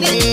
me.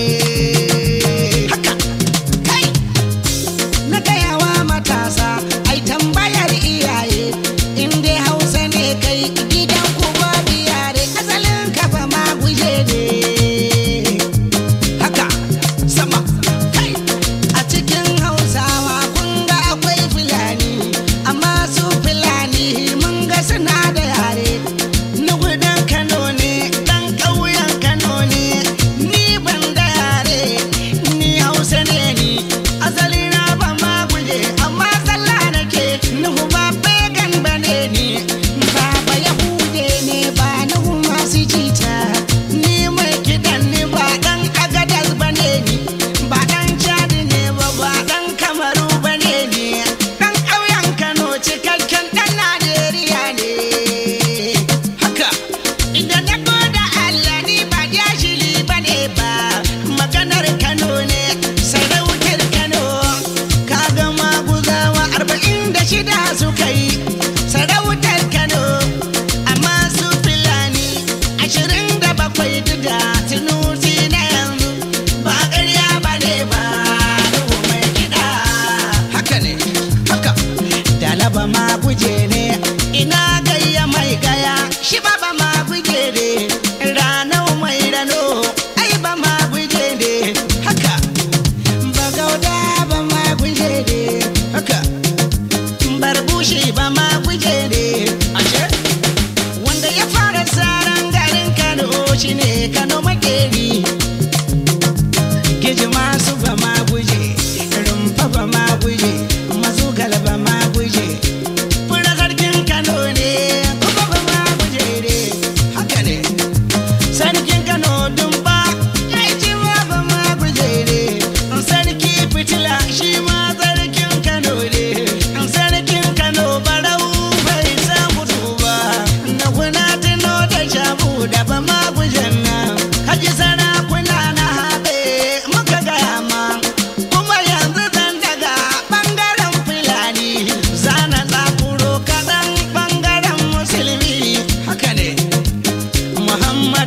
ni. cineca no me quería.